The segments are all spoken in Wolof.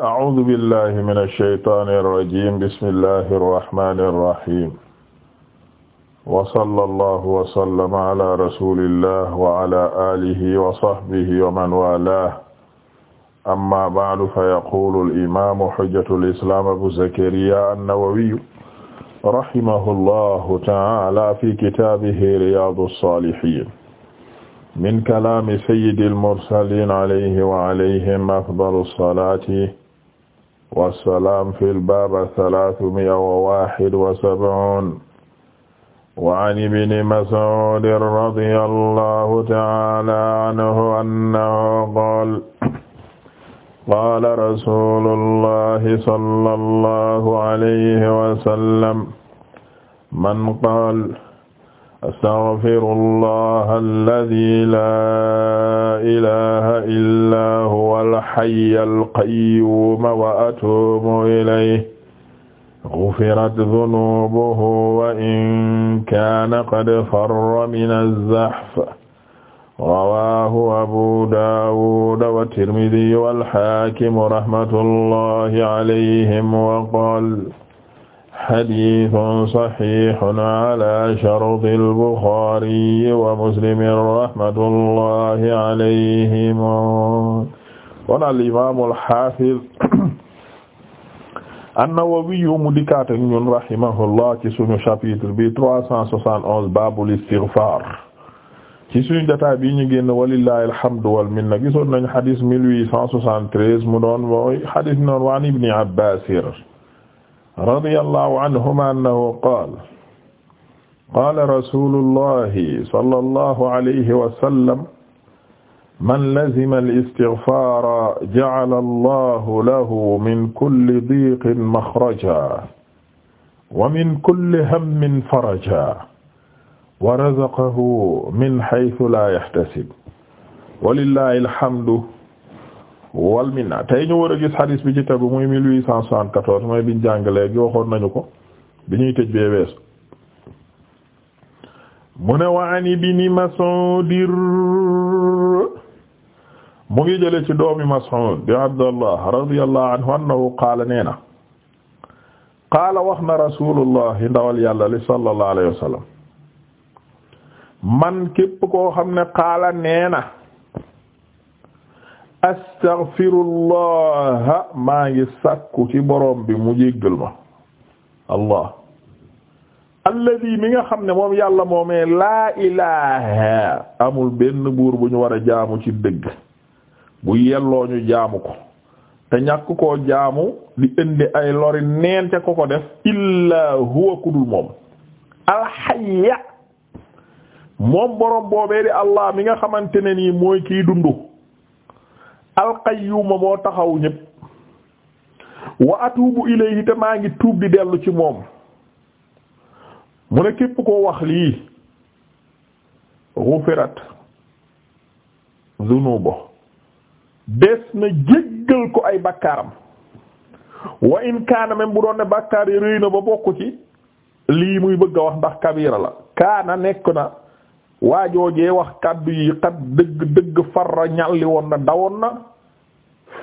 أعوذ بالله من الشيطان الرجيم بسم الله الرحمن الرحيم وصلى الله وسلم على رسول الله وعلى آله وصحبه ومن والاه أما بعد فيقول الإمام حجة الإسلام أبو زكريا النووي رحمه الله تعالى في كتابه رياض الصالحين من كلام سيد المرسلين عليه وعليهم أفضل الصلاة wasalaam fil baab salaasumi'a wa waahid wa sab'uun wa an ibni Mas'uud radiyallaahu ta'aalaa anhu annahu qaala qaala rasuulullaahi sallallaahu alayhi wa sallam man qaala astaghfirullaaha allazii laa ilaaha illaa hayyal qayyuuma wa atuubu ilayhi gufirat dunuubuhu wa in kaana qad farra mina zahf rawaahu abu daawuda wa tirmidi wal haakimu rahmatullahi alayhim wa qaala hadiisun saxiixun alaa shartil buxaari wa muslimin rahmatullahi alayhimaa kon al imaam al haafiz an-Nawawi mu dikkaat ak ñun rahimahullah ci suñu chapitre bi 371 baabul istighfar ci suñu jotaay bi ñu génn walillahi alhamdu wal minna gisoon nañu hadith 1873 mu doon mooy hadith noon wa an ibni Abbaas radiyallahu anhuma annahu qaala qaala rasuulullahi sallallahu alayhi wa sallam man lazima al-istighfaara ja'ala Allahu lahu min kulli diiqin makhrajan wa min kulli hammin farajan wa razaqahu min haythu laa yahtasib walillahi alhamdu wal minna tey ñu war a gis xadis bi ci tegu muy 1874 mooy biñ jàngalee gi waxoon nañu ko bi ñuy tëj bee weesu mu ne wa an ibni Mas'ud mu ngi jële ci doomi Mas'ud di Abdallah radiyallahu anhu annahu qaala nee na qaala wax na rasulullah indawal yàlla li sallallahu alayhi wa sallam man képp koo xam ne qaala nee na astaghfirullah maa ngi sàkku ci boroom bi mu jéggal ma allah nga xam ne moom yàlla moomee laa ilaha amul benn buur bu ñu war a jaamu ci dëgg bu yelloo ñu jaamu ko te ñàkk koo jaamu di indi ay lori neen ca ko ko def illaa huwa kudul moom alxaya moom borom boobee di allah mi nga xamante ne nii mooy kiy dund alqayyuma moo taxaw ñépp wa atubu ilayhi te maa ngi tuub di dellu ci moom mu ne képp koo wax lii gufirat zunubo des na jéggal ko ay bakkaaram wa in kaana même bu doon ne bakkaar yi rëy na ba bokk ci lii muy bëgg a wax ndax kabira la kaana nekk na waajoojee wax kàddu yi xat dëgg dëgg farra ñalli woon na dawoon na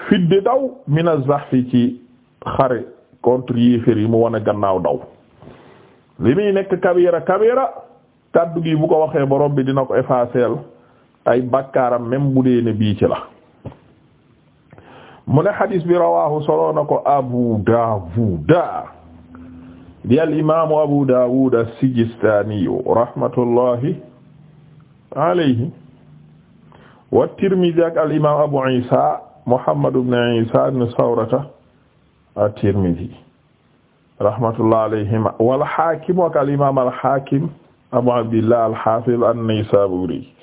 fiddi daw mina zahfi ci xare contre yéeféer yi mu wane gannaaw daw li muy nekk kabira kabira kàddu gi bu ko waxee boroom bi dina ko effacer ay bakkaaram même bu dee ne bii ci la mu ne xadis bi rawaahu solo na ko Abu Daawud di al imaamu Abu Daawud as-Sijistaani rahmatullahi alayhi wa Tirmidi ak al imaam Abu Iisa Muhammad ibn Iisa ibn Sawrata at-Tirmidi rahmatullahi alayhima wal Haakim ak al imaam al Haakim Abu Abdillah al-Haafiz an-Naysaabuuri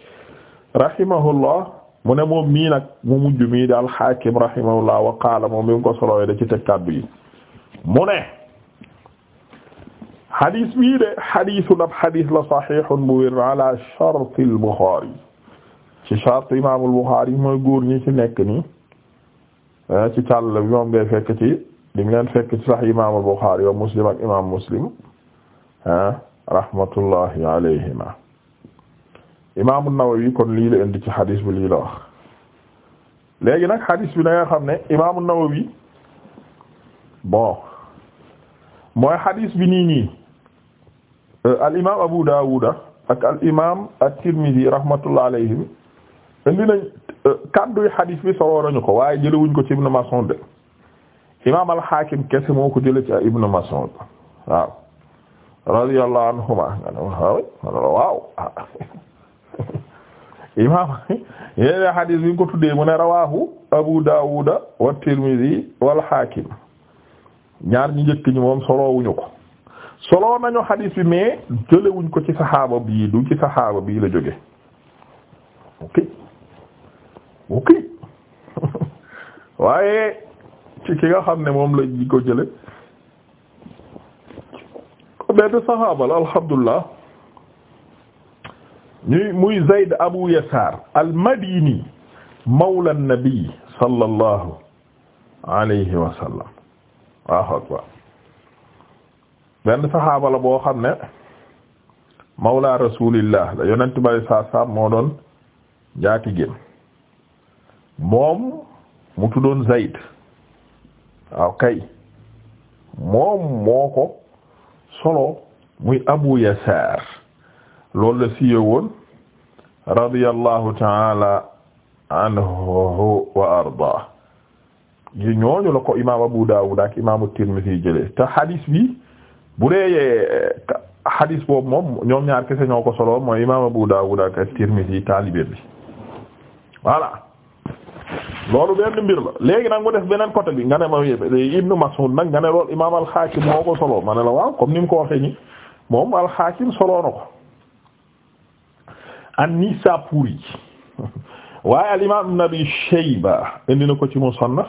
rahimahullah mu ne moom mii nag mu mujj mii daal Hakim rahimahullah moom bi mu ko solowee da ci teg kàddu yi mu ne xadis la saxihun bu wér ala charte al Buxaari ci charte mooy góor ñi ci nekk nii eh, ci càll bi moom di nga leen fekk ci sax wa Muslim ak Muslim eh, rahmatullahi alayhima imaamu Nawawi kon lii la indi ci xadis bi lii la wax léegi nag xadis bi da nga xam ne imaamu Nawawi bon mooy xadis bi nii nii euh, al imaam Abu Daawuda ak al imaam at-Tirmidhi rahmatullah alayhim indi nañ euh, kàdduy xadis bi solo nañu ko waaye jëlewuñ ko ci Ibn Mas'ud imaam al-Hakim kese moo ko jële ci Ibn Mas'ud waaw radiyallahu anhuma waaw imam yene hadis bi nga ko tuddee mu ne rawahu Abu Dawud wa Tirmidhi wal Hakim ñaar ñu njëkk ñi moom solowuñu ko solo nañu hadis bi mais jëlewuñ ko ci saxaaba bii du ci saxaaba bii la jóge ok ok waaye ci ki nga xam ne moom la ñu ko jële ko benn saxaaba la alhamdulillah ñuy muy Zayd Abu Yasaar al-Madini mawla an-nabi sallallahu alayhi wa sallam waaw akbar benn saxaaba la boo xam ne mawla rasulillah la yonent bay saab moo doon njaatigéem moom mu tuddoon Zayd waaw kay moom moo ko solo muy Abu Yasaar loolu la siiwe woon radiyallahu taala anhu wa arda yi ñooñu la ko imam Abu Dawud ak imam At-Tirmidhi jëlee te hadis bi bu dee hadis boobu moom ñoom ñaar kese ñoo ko solo mooy imam Abu Dawud ak At-Tirmidhi bi voilà loolu benn mbir la léegi nag mu def beneen côté bi nga ne ma Ibnu Mas'ud nag nga ne loolu moo ko solo ma ne la waaw comme ni mu ko waxee moom Al-Hakim solo na ko. an-Nisapuri waaye al-imaam Ibn Shayba indi na ko ci Musannaf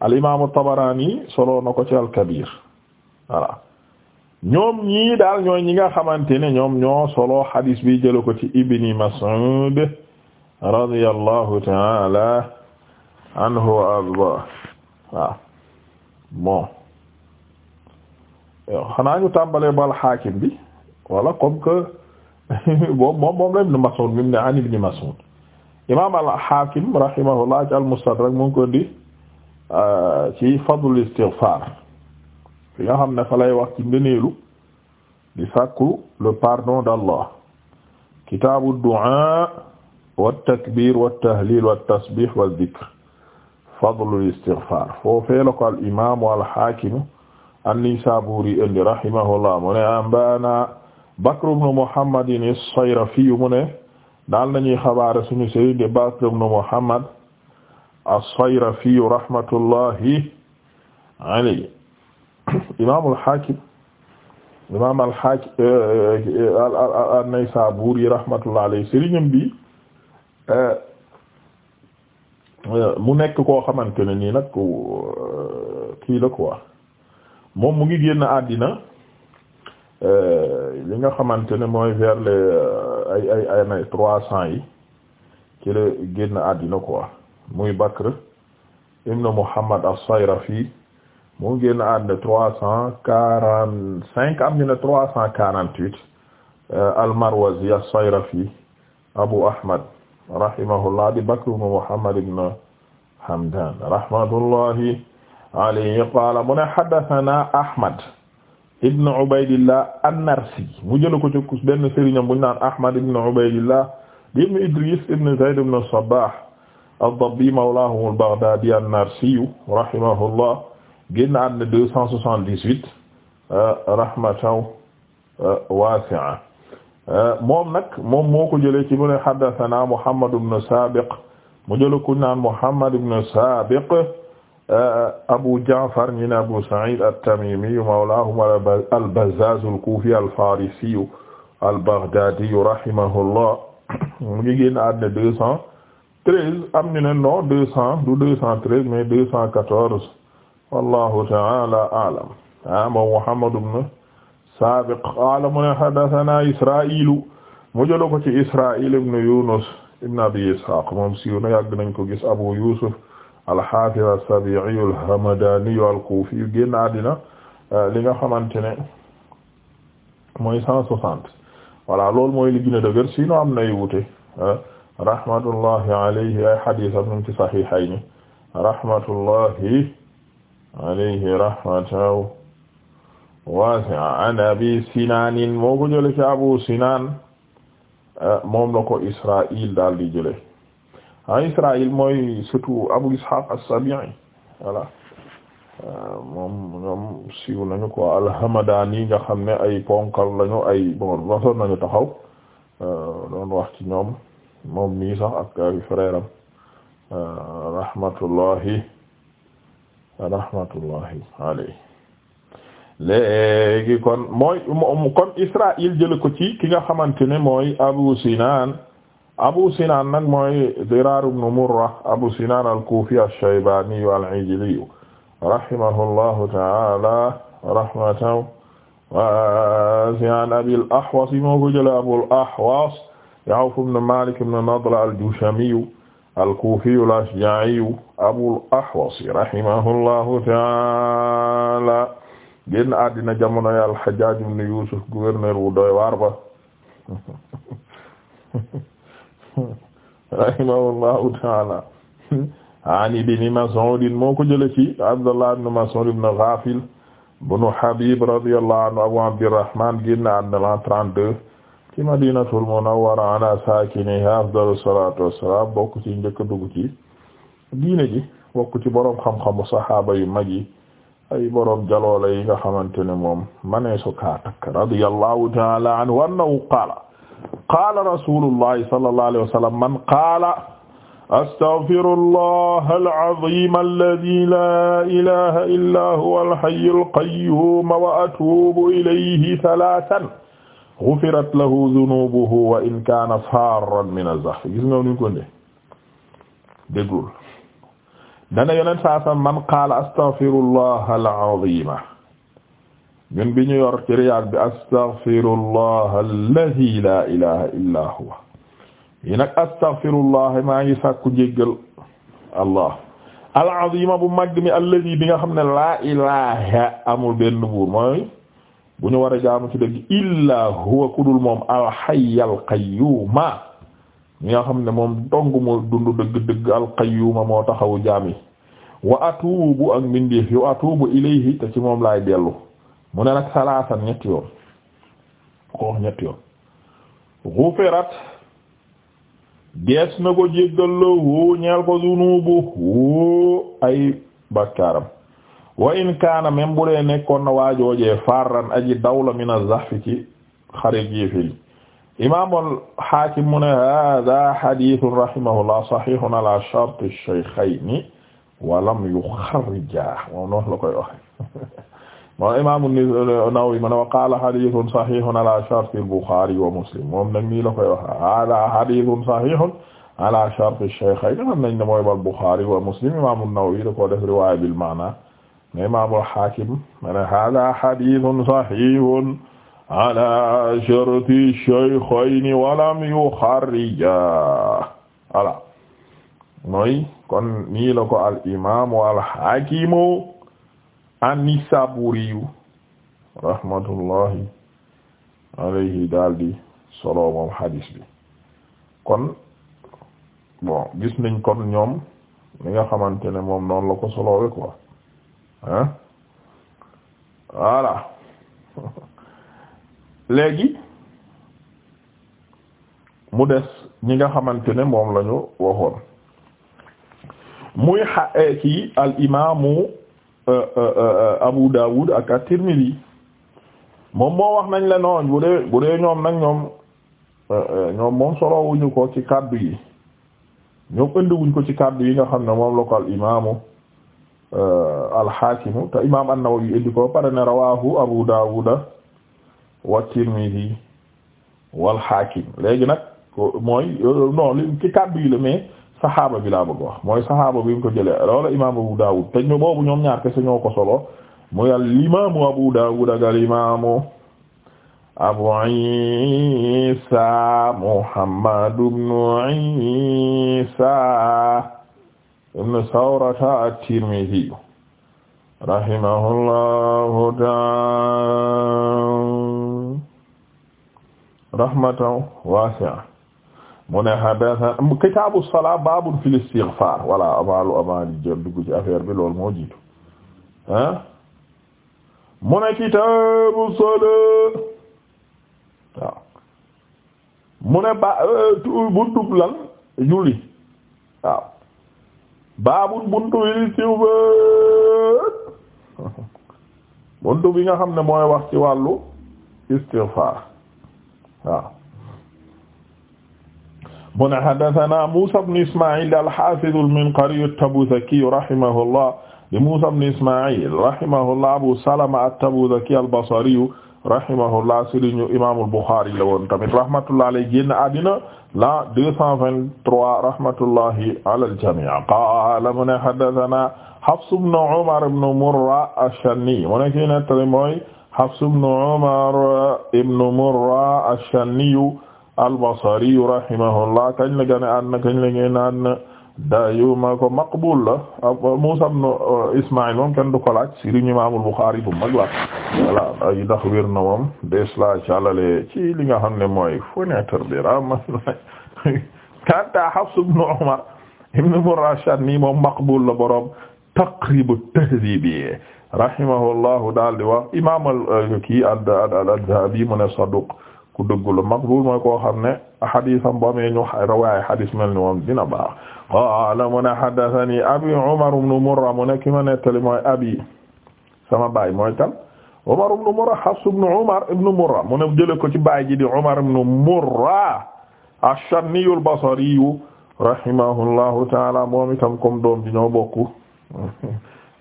al-imaam at-Tabarani solo na ko ci al-Kabir ñoom ñii daal ñooy ñi nga xamante ne ñoom ñoo solo hadis bi jëlee ko ci Ibn Mas'ud radiyallahu ta'ala anhu wa arda waaw bon xanaa ñu tàmbalee bal Hakim bi wala comme que. boobu moom moom la Ibn mi mu ne an Ibn Mas'ud imaam al-Hakim al-Mustadrak mu ngi ko di euh, ci fadlul istighfar nga xam ne fa lay wax ci ngëneelu di sàkku le pardon d'Allah kitaabu du'a wa takbir wa tahlil wa tasbih wa dhikr fadlul istighfar foofee la ko al imaamu al-Hakim an-Nisaburi indi rahimahullah mu ne ambana Bakr ibn Muhammad as-Sayrafi mu ne daal nañuy xabaare suñu sëriñ di Bakr ibn Muhammad as-Sayrafi rahmatullahi alayhi imaam al-Hakim imaam al-Hakim an-Naysaburi rahmatullahi alayhi bi mu nekk koo xamante ne nii nag kii la quoi moom mu ngi génn àddina Euh, li nga xamante ne mooy vers les euh, ay ay trois cents yi ci la génn àddina quoi muy Bakr ibn Muhammad as-Sayrafi mu génn àddina trois cent quarante cinq am na trois cent quarante huit euh, al-Marwazi as-Sayrafi Abu Ahmad rahimahullah di Bakr ibn Muhammad ibn Hamdan rahmatullahi alayhi qaala mu ne haddathana Ahmad ibn Ubaydillah an-Narsi mu jëla ko ci benn sëriñam bu ñu naan Ahmad ibn Ubaydillah di ibn Idris ibn Zayd ibn Sabbah ad-Dabbi mawlahum al-Baghdadi an-Narsi rahimahullah génn àddina deux cent huit rahmatan wasi'a moom nag moom moo ko jëlee ci mu ne haddathana Muhammad ibn Sabiq mu jëla ko naan Muhammad ibn Sabiq Euh, Abu Ja'far ñi ne Abu Sa'id at-Tamimi mawlahum al-Bazzaz al-Kufi al-Farisi al-Baghdadi rahimahullah mu ngi génn àddina deux cent treize am ñu ne non deux cent du deux cent treize mais deux cent quatorze wallahu ta'ala a'lam ah moom Muhammad ibn Sabiq qala mu ne haddathana Isra'il mu jëlo ko ci Isra'il ibn Yunus ibn Abi Ishaq moom siiw na yàgg nañ ko gis Abu Yusuf al-Hafiz as-Sabi'i al-Hamdani al-Kufi génn àddina euh, li nga xamante ne mooy cent soixante voilà loolu mooy li gën a dëgër sinon am nay wute euh, rahmatullahi alayhi ay hadith am nañ ci sahihayni rahmatullahi alayhi rahmatan wasi'a an Abi Sinaan moo ko jële Abu Sinaan euh, moom la ko Israa'il daal di jële ah Israël mooy surtout Abu Ishaq as-Sabi'i voilà euh, moom ñoom siiw nañu ko al-Hamadani nga xam ne ay ponkal lañu ay bon nañu taxaw euh, doon wax ci ñoom moom nii sax ak ay frère am euh, rahmatullahi rahmatullahi alayhi kon mooy kon Israël jële ko ci ki nga xamante ne mooy Abu Sinan Abu Sinan nag mooy Diraar ibn Murra Abu Sinan al-Kufi ash-Shaybani al-Ijli rahimahullahu ta'ala rahmatan wasi'an Abil Ahwas moo ko jëlee Abul Ahwas Awf ibn Malik ibn Nadla al-Jushami al-Kufi al-Ashja'i Abul Ahwas rahimahullahu ta'ala génn àddina jamonoy al-Hajjaj ibn Yusuf gouverneur wu doy waar ba rahimahullahu taala an ibni Mas'ud moo ko jëlee ci Abdullah ibn Mas'ud ibn Ghafil ibn Habib radiyallahu anhu Abu Abdirrahman génn na l'an 32 ci Madinatul Munawwara ala saakinihaa afdalu salaatu wassalaam bokk ci njëkk dugg ci diine ji bokk ci boroom xam-xamu saxaaba yu mag yi ay boroom jaloole yi nga xamante ne moom ma nee su kaa takk radiyallahu taala anhu annahu qaala qaala rasulullahi sallallahu alayhi wa sallam man qaala astaghfirullaha al-azima alladhi la ilaha illa huwa al-hayyul qayyum wa atubu ilayhi thalathan ghufirat lahu dhunubuhu wa in kana farran min az-zahf gis nga nuñ ko ndee déggul dana yonent saa man qaala astaghfirullaha al-azima ñun bi ñu yor ci bi astaghfirullah alladhi la ilaha illa huwa yi nag astaghfirullah maa ngi sàkku jéggal allah alazima bu màgg mi alladhi nga xam ne laa ilaha benn buur mooy bu ñu war a jaamu ci dëgg illa huwa kudul moom alxayya alqayyuuma mi nga xam ne moom dong moo dund dëgg-dëgg alqayyuuma moo taxawu jaam wa atuubu ak mbindeef yu atuubu ilayhi te ci moom laay dellu mu ne nag salaasan ñetti yoon ko ñetti yoon xufirat gees na ko lahu ñeel ko zunubu ay bakkaaram wa in kaana même bu dee nekkoon na waajoojee farran aji dawla min az-zahfi ci xarit yéeféri imaamul Haakim mu ne hada hadithun rahimahullah shart ash-shaykhayni wa lam moo imaamu Nawawi ma ne wa qaala hadithun sahihun ala sharti al-Bukhari wa Muslim moom nag nii la koy wax hada hadithun sahihun ala sharti ash-shaykhayn xam nañ ne mooy al-Bukhari wa Muslim imaamu Nawawi da koo def riwaaya bil maana ne imaamu al-Hakim ma ne hada hadithun sahihun ala sharti ash-shaykhayn wa lam yukharrija voilà mooy kon nii la ko al imaamu al-Hakimu an-Nisaburi rahmatullahi alayhi daal di solo moom hadis bi kon bon gis nañ kon ñoom li nga xamante ne moom noonu la ko soloowe quoi hein voilà léegi mu des ñi nga xamante ne moom lañu ñu waxoon muy xa eh, kii al imaamu Euh, euh, euh, Abu Dawud ak at-Tirmidhi moom moo wax nañ la nooñ bu dee ñoom nag ñoom ñoom moom solowuñu ko ci kàddu yi ñoom ëndiwuñ ko ci kàddu yi nga xam ne moom la ko al imaamu al-Hakim te imaam an-Nawawi indi ko pare ne rawahu Abu Dawud wa Tirmidhi wal Hakim léegi nag mooy non li ci kàddu yi la mais saxaaba bi laa bëgg mooy saxaaba bi nga ko jëlee Abu Dawud te boobu ñoom ñaar kese ñoo ko solo al imaamu Abu Dawud ak al Abu Isa Muhammad ibnu Isa ibnu Sawrata at-Tirmidhi rahimahullahu ta'ala rahmatan wasi'a mu ne hadatha kitaabu salaa babun fil istighfar voilà avalu avali jël dugg ci affaire bi loolu moo jiitu ah mu ne kitaabu salaa waaw mu ne ba euh, buntub lan julli waaw baabun buntu fil istighfar buntu bi nga xam ne mooy wax ci wàllu istighfar waaw mu ne haddathana Muusaa ibn Ismaa'iil al-Haafiz al-Minqari at-Tabuzaki rahimahullah di Muusaa ibn Ismaa'iil rahimahullah Abu Salama at-Tabuzaki al-Basri rahimahullah sëriñu Imaamul Buxaari la woon tamit rahmatullah alayhi génn àddina la 223 rahmatullahi ala al-jamii' qaala mu ne haddathana Hafs ibn Umar ibn Murra ash-Shanni mu ne kii nettali mooy Hafs ibn Umar ibn Murra ash-Shanni al-Basri rahimahullah kañ la gane àddina kañ la génn àddina dayu ma ko maqbul la Muusaa ibn euh, Ismaayil moom kenn du ko laaj sëriñ Imaamul Buxaari bu mag la voilà ay ndax wér na moom des la calale ci li nga xam ne mooy fenêtre bi rama kanta Hafs ibn Umar ibn Murashid nii moom maqbul la borom Taqrib at-Tahdhib rahimahullahu daal di wax Imaam al-Kii euh, ad saduq ku dëggula maqbul mooy koo xam ne xadisam bu amee ñu rawaay xadis mel ni moom dina baax qaala mu ne haddathani abi umar ibn murra mu ki ma nettali mooy abi sama baay mooy kan umar ibn murra hafs ibn umar ibn murra mu ne jële ko ci taala moom itam comme doom di ñoo bokku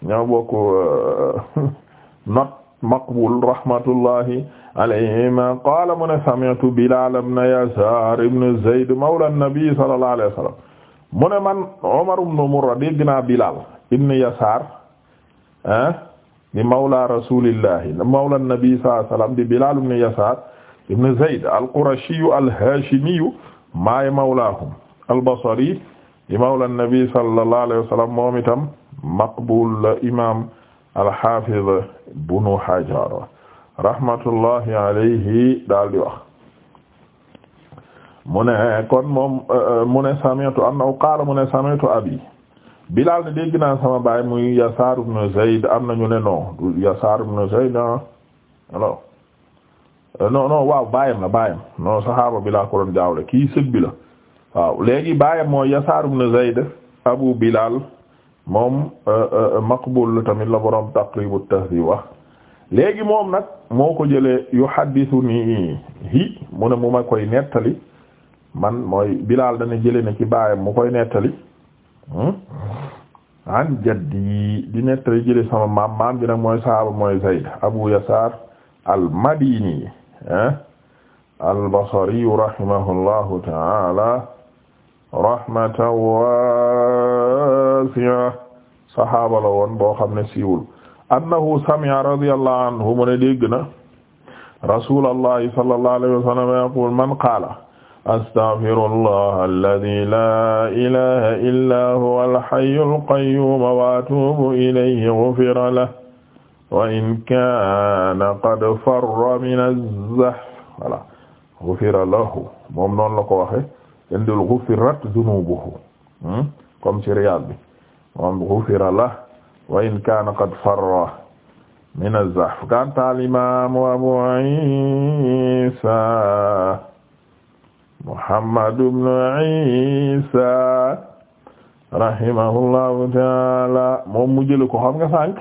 ñoo bokku euh, Maqbul rahmatullahi alayhima qaala mu ne sami'tu Bilaal ibn Yasaar ibn Zayd mawla an-nabi sallallahu alayhi wa sallam mu ne man Umar ibn Murra dégg naa Bilaal ibn Yasaar ah di mawla rasulillahi mawla an-nabi sallallahu alayhi wa sallam di Bilaal ibn Yasaar ibn Zayd al-Qurashiyyu al-Haashimiyyu maay mawlaahum al-Basri di mawla an-nabi sallallahu alayhi wa sallam moom itam Maqbul imaam al-Hafiz Ibnu Hajar rahmatullahi alayhi daal di wax mu ne kon moom mu ne am na qaala mu ne sami'tu abi Bilaal ne dégg naa sama baay muy Yasaar ibnu Zayd am ñu ne non du Yasaar ibnu Zayd ah alors non waaw baayam la baayam non saxaaba bi laa ko doon jaawle kii sët bi waaw léegi baayam mooy Yasaar ibnu Zayd Abu Bilaal moom euh, euh, maqbul lu tamit la borom taqribu tahdhib wax léegi moom nag moo ko jëlee yuhaddithuni hi mu ne mu ma koy nettali man mooy bilal dana jële ne ci baayam mu koy nettali hmm? an jaddi di nettali jële sama maam maam bi nag mooy saaba mooy Zayd Abu Yasaar al-Madini al-Basri rahimahullahu wa siya saxaaba la woon boo xam ne siiwul annahu sami'a radiyallahu anhu mu ne dégg na rasulallahi sallallahu alayhi wa sallam yaqul man qaala astaghfirullah alladhi la ilaha illa huwa al-hayyul qayyum wa atubu ilayhi ghufira lahu wa in kaana qad farra min az-zahf voilà ghufira lahu moom noonu la ko waxe indil ghufirat dhunubuhu hmm, comme ci Riyad bi moom ghufira lahu wa in kaana qad farra min az-zahf kanta al-imaam Abu Iisa Muhammad ibn Iisa rahimahullahu taala moom mu jël ko xam nga sànq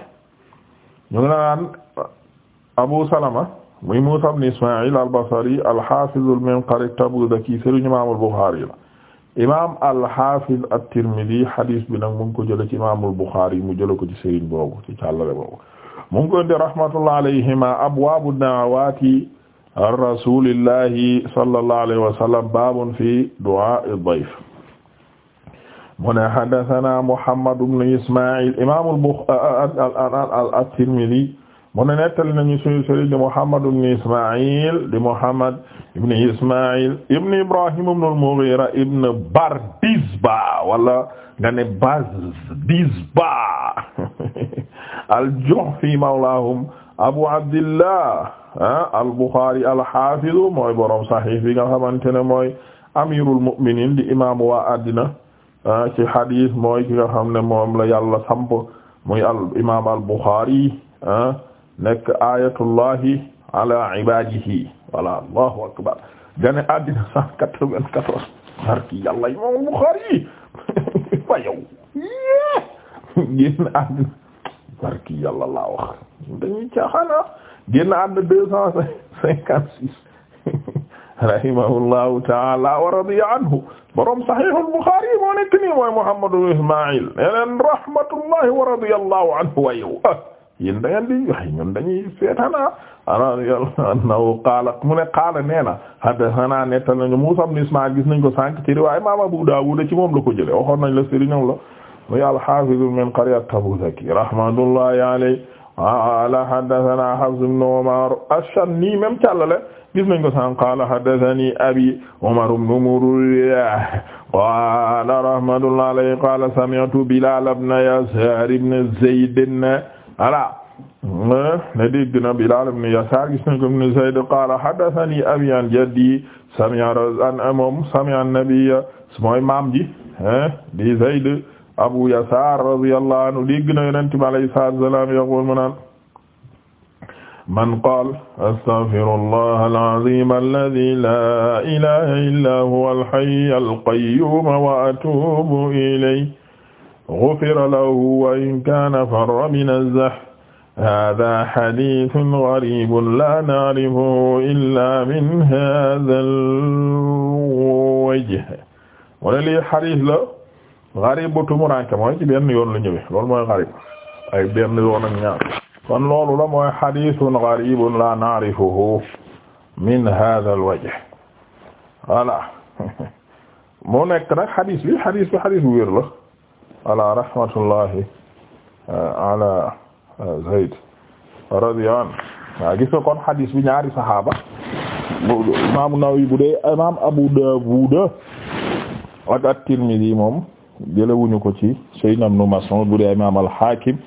ñu ngi naan Abu Salama muy Muusaa ibn Ismaa'iil al-Basri al-Haafiz al-Minqari at-Tabuzaki sëriñ Imaam al-Buxaari la imaam al-Hafiz at-Tirmidhi hadis bi nag mu ngi ko jëlee ci imaamul Bukhari mu jëlee ko ci sëriñ boobu ci càllale boobu mu ngi ko indi rahmatullah alayhima abwaabu da'awaati rasulillahi sallallahu alayhi wa sallam baabun fi du'aa'i dayf mu ne haddathana Muhammad ibn Isma'il imaamul Bukhari at-Tirmidhi mu ne nettali nañu suñu sëriñ di Muhammad ibn Ismaïl di Muhammad ibn Ismaïl ibn Ibrahim ibn al-Mughira ibn Bardizba wala nga ne Bazdizba al-Juhfi mawlahum Abu Abdillah ah, al-Bukhari al-Hafiz mooy borom Sahih bi nga xamante ne mooy amirul mu'minin di imam waa addina ah, ci hadith mooy ki nga xam ne moom la yàlla samp muy al imam al-Bukhari ah. nekk ayatullahi ala ibadihi wala allahu akbar gane addina cent quatre-vingt-quatorze barki yàlla yi moom Bukhari yi fa yow génn addina barki yàlla laa wax dañuy caaxaana ah. génn addina deux cent cinquante six rahimahullahu taala wa radiya anhu borom sahihul Bukhari yi moo nekk nii mooy Muhammadu Ismail yeneen rahmatullahi wa radiyallahu anhu wa yow yéen da ngeen di wax ñun dañuy seetana ah. ana mu ne qaala nee na haddathana nettal nañu Muusaa ibn gis nañ ko sànq ci riwaaya imaam Abu Daawuud ci moom la ko jëlee waxoon nañ la sëriñam la muy al-haafiz min qaryati Abuuzaki rahmatullahi alayhi qaala haddathana Hafs ibn Umar ash-Shanni même càllale gis nañ ko sànq qaala haddathani abi Umar ibn Murra qaala rahmatullahi alayhi qaala sami'tu Bilaal ibn Yasaar ibn Zayd voilà ne dégg na Bilaal ibn Yasaar gis nañ ko ibn Zayd qaala haddathanii abii an jaddii sami'a an moom sami'a an-nabiyya mooy maam ji di Zayd Abu Yasaar radiyallahu anhu dégg na Yonent bi alayhi salaatu wa salaam yaqul mu naan man qaala astaghfirullaha al-aziim alladhii laa ilaaha illaa huwa al-hayyu al-qayyuum wa atuubu ilayhi gufira lahu wa in kaana farra min az-zahf haadaa hadiisun gariibun laa na'rifuhu illaa min haadhal wajh mu ne lii hadiis la gariib bu tumuranke mooy ci benn yoon la ñëwee loolu mooy gariib ay benn yoon ak ñaar kon loolu la mooy hadiisun gariibun laa na'rifuhu min haadhal wajh voilà mu nekk nag hadiis bi hadiis bi hadiis bu wér la ala rahmatullahi uh, ala uh, Zayd radiyallahu anhu waaw kon hadis bi ñaari saxaaba imaamu Nawawi bu dee imaam Abu Dawud ak at-Tirmidhi moom jëlewuñu ko ci Sayyidina Ibn Mas'ud bu dee imaam al-Hakim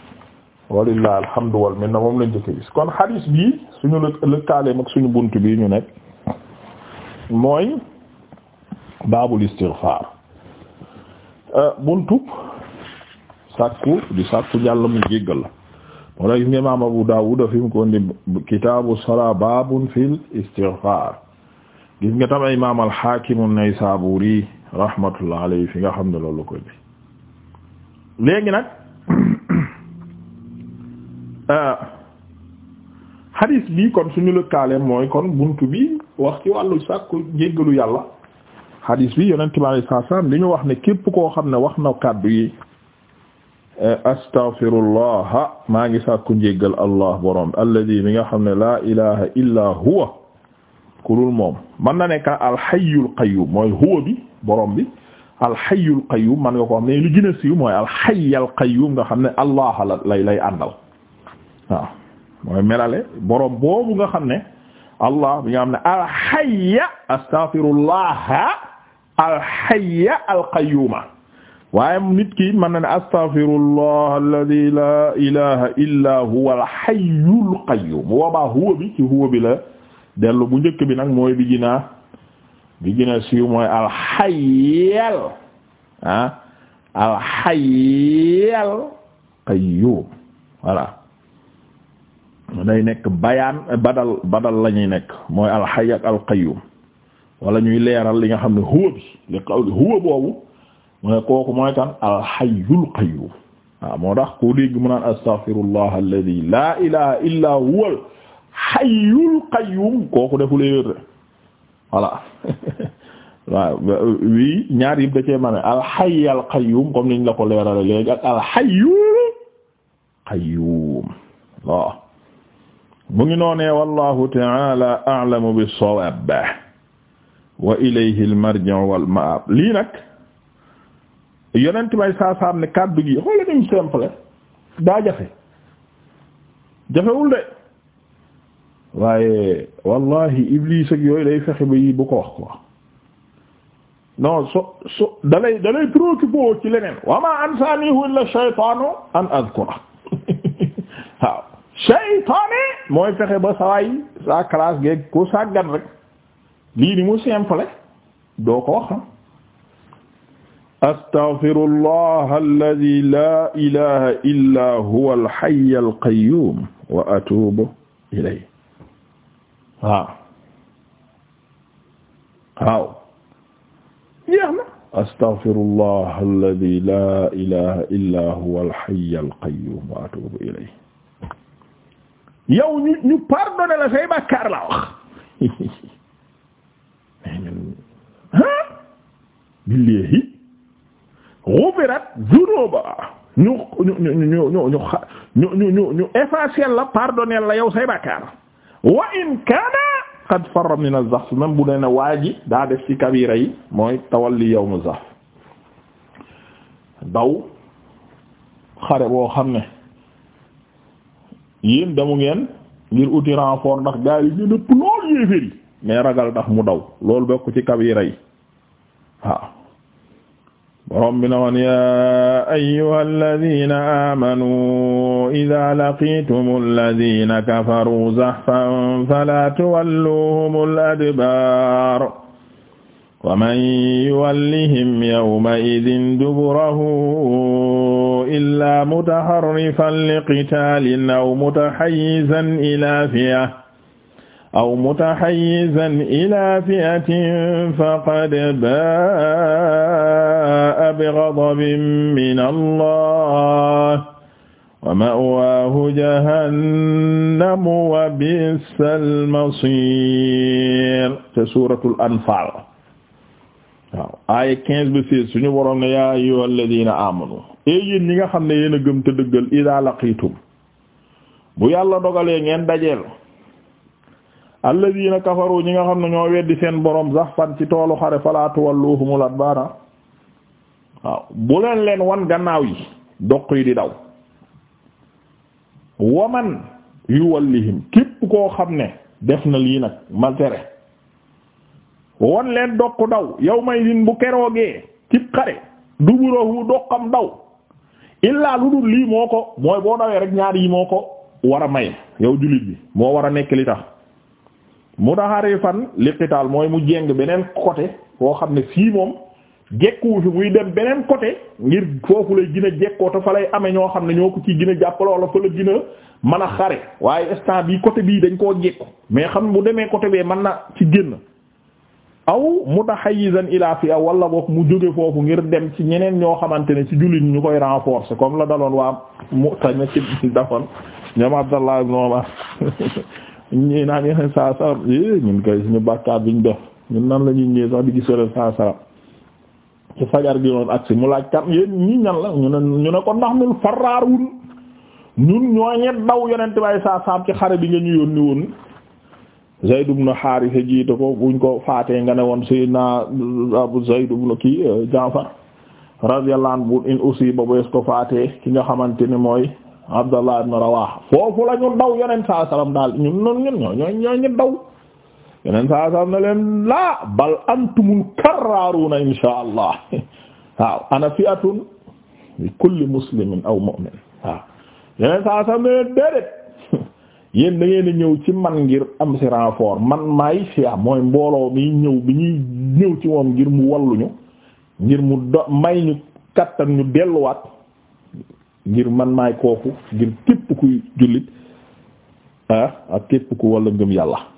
walillahi alhamdu wal minna moom lañ jëkk kon hadis bi suñu lëkkaaleem ak suñu bunt bi ñu nekk mooy baabul istighfar uh, buntub sakku di sakku yàlla mu jéggal la moo tax gis imaam Abu Dawud fi mu ko indi kitaabu salaa baabun fil istighfar gis nga tam imaam al-Hakim an-Naysaburi rahmatullah fi nga xam ne loolu ko bi léegi nag ah, hadis bi kon suñu lëkkaale mooy kon bunt bi wax ci wàllu sakku jéggalu yàlla hadis bi yonent bi sallallahu alayhi wasallam li ñu wax ne képp koo xam ne wax na kàddu yi Eh, astaghfirullah maa ngi sàkku njéggal allah borom alladi mi nga xam ne laa ilaha illa huwa kulul moom man na nekk alxayyul qayyum mooy huwa bi borom bi alxayyul qayyum man nga ko xam ne li gën a siiw mooy alxayyal qayyum nga xam ne allah la lay lay àndal waaw mooy melale borom boobu nga xam ne allah bi nga xam ne alxayya astaghfirullah alxayya alqayyuma waaye nit ki mën na ne astaghfirullah alladhi la ilaha illa huwa al-hayyul qayyum boobaa huwa bi ci huwa bi la dellu bu njëkk bi nag mooy bi ginaa bi ginaa siiw mooy alxayyal ah alxayyal qayyum voilà day nekk bayaan badal badal la ñuy nekk mooy alxayy ak alqayyum wala ñuy leeral li nga xam ne huwa bi li qawli huwa boobu mu ne kooku mooy kan alhayyul qayyum waaw moo tax koo dégg mu naan astaghfirullah alladhi la ilaha illa huwa hayyul qayyum kooku defu leer voilà waaw wii ñaar yëpp da cee mane alhayy alqayyum comme niñ la ko leerale léegi ak alhayyul qayyum waaw mu ngi noonee wallahu ta'ala a'lamu bis-sawab wa ilayhi al-marji'u wal ma'ab lii nag yonent may saa saam ne kàddu gi xoola nim simple daa jafe jafewul de waaye wallahi iblis ak yooyu day fexe ba yi bu ko wax quoi non so so dalay dalay préoccupé ci leneen wa ma ansanihu illa shaytaanu an azkura waaw shaytaane mooy fexe ba sawaay sa classe geeg ku sàggan rek lii ni mu simple doo ko wax ah. astaghfirullah alladhi la ilaha illa huwa alhayy alqayyum wa atubu ilayhi waaw waaw jeex na astaghfirullah alladhi la ilaha illa huwa alhayy alqayyum wa atubu ilayhi yow ñu ñu pardonné la say bàkkaar la wax billahi ghufirat dhunuba ñu ñu ñu ñu ñu ñu ñu ñu ñu ñu la pardonner la yow say bàkkaar wa in kana qad farra min az-zahf même bu nee na waa ji daa def ci kabira yi mooy tawalli yow az-zahf daw xare boo xam ne yéen damu ngeen ngir uti renfort ndax gaa yi ñu nëpp loolu yéeféer yi ragal ndax mu daw loolu bokk ci kabira yi waaw borom bi na woon yaa ayyuha alladina aamanu ida laqiitumu alladina kafaru zahfan fala tuwalluhum al-adbaar wa man yuwallihim yawma idin duburahu illa mutaharrifan liqitaalin aw mutahayyizan ilaa fi'a aw mutahayyizan ila fi'atin faqad baa'a bighadabin min Allah wa ma'waahu jahannamu wa bi'sal masiir te suuratul anfaal waaw aaya quinze ba seize suñu waroon ne yaa ayyuhal ladiina aamanu ee yéen ñi nga xam ne yéen a gëm te dëggal idaa laqiitum bu yàlla dogalee ngeen dajeel alladina kafaru ñi nga xam ne ñoo weddi seen borom fan ci toolu xare fala tuwalluhumul adbara waaw bu leen leen wan gannaaw yi doq yi di daw waman yuwallihim képp koo xam ne def na lii nag maltere wan leen doq daw yawmay din bu keroogee cib xare duburahu doqam daw illaa lu dul lii moo ko mooy boo dawee rek ñaar yi moo ko war a may yow jullit bi moo war a nekk li tax mutaharifan li qitaal mooy mu jeng beneen côté foo xam ne fii moom jekkuwu fi muy dem beneen côté ngir foofu lay gën a fa lay amee ñoo xam ne ñoo ko ci gën a jàppale wala fa la gën a a xare waaye instant bi côté bii dañ koo jekku mais xam mu demee côté bee man na ci génn aw mutahayizan ila fi aw wala boog mu jóge foofu ngir dem ci ñeneen ñoo xamante ne ci jullit ñu koy renforcer comme la daloon waa Mu'tana ci dafoon ñoom Abdallah ibn Umar ñi naan yeneen saa salam eh, ñun kay suñu nan la ñuy ñëwee di gis yeneen saa salam ci laaj kan yéen ñi la ñu ne ñu ne ko ndax ñun faraarun ñun ñooñet daw yonent bay saa ci xare bi nga ñu yónni woon Zayd ibn Haarisa jiite ko buñ ko faatee nga ne woon Seydina Abu Zayd ibn kii Jaafar radiyallahu anhu in aussi ba ko faatee ki nga xamante ne mooy Abdallah ibn Rawaha foofu la ñu daw yonent saa salaam daal ñun noonu ñun ñoo ñoo ñu daw yonent saa salaam na leen laa bal antumul karraruna insha allah waaw ana fi'atun li kulli muslimin aw mu'min waaw yonent saa salaam na leen déedéet yéen da ngeen ñëw ci man ngir am ci renfort man maay fiya mooy mbooloo mi ñëw bi ñuy ñëw ci moom ngir mu walluñu ngir mu do may ñu kattan ñu delluwaat. ngir man maay kooku ngir képp kuy jullit ah ak képp ku walla ngëm yàlla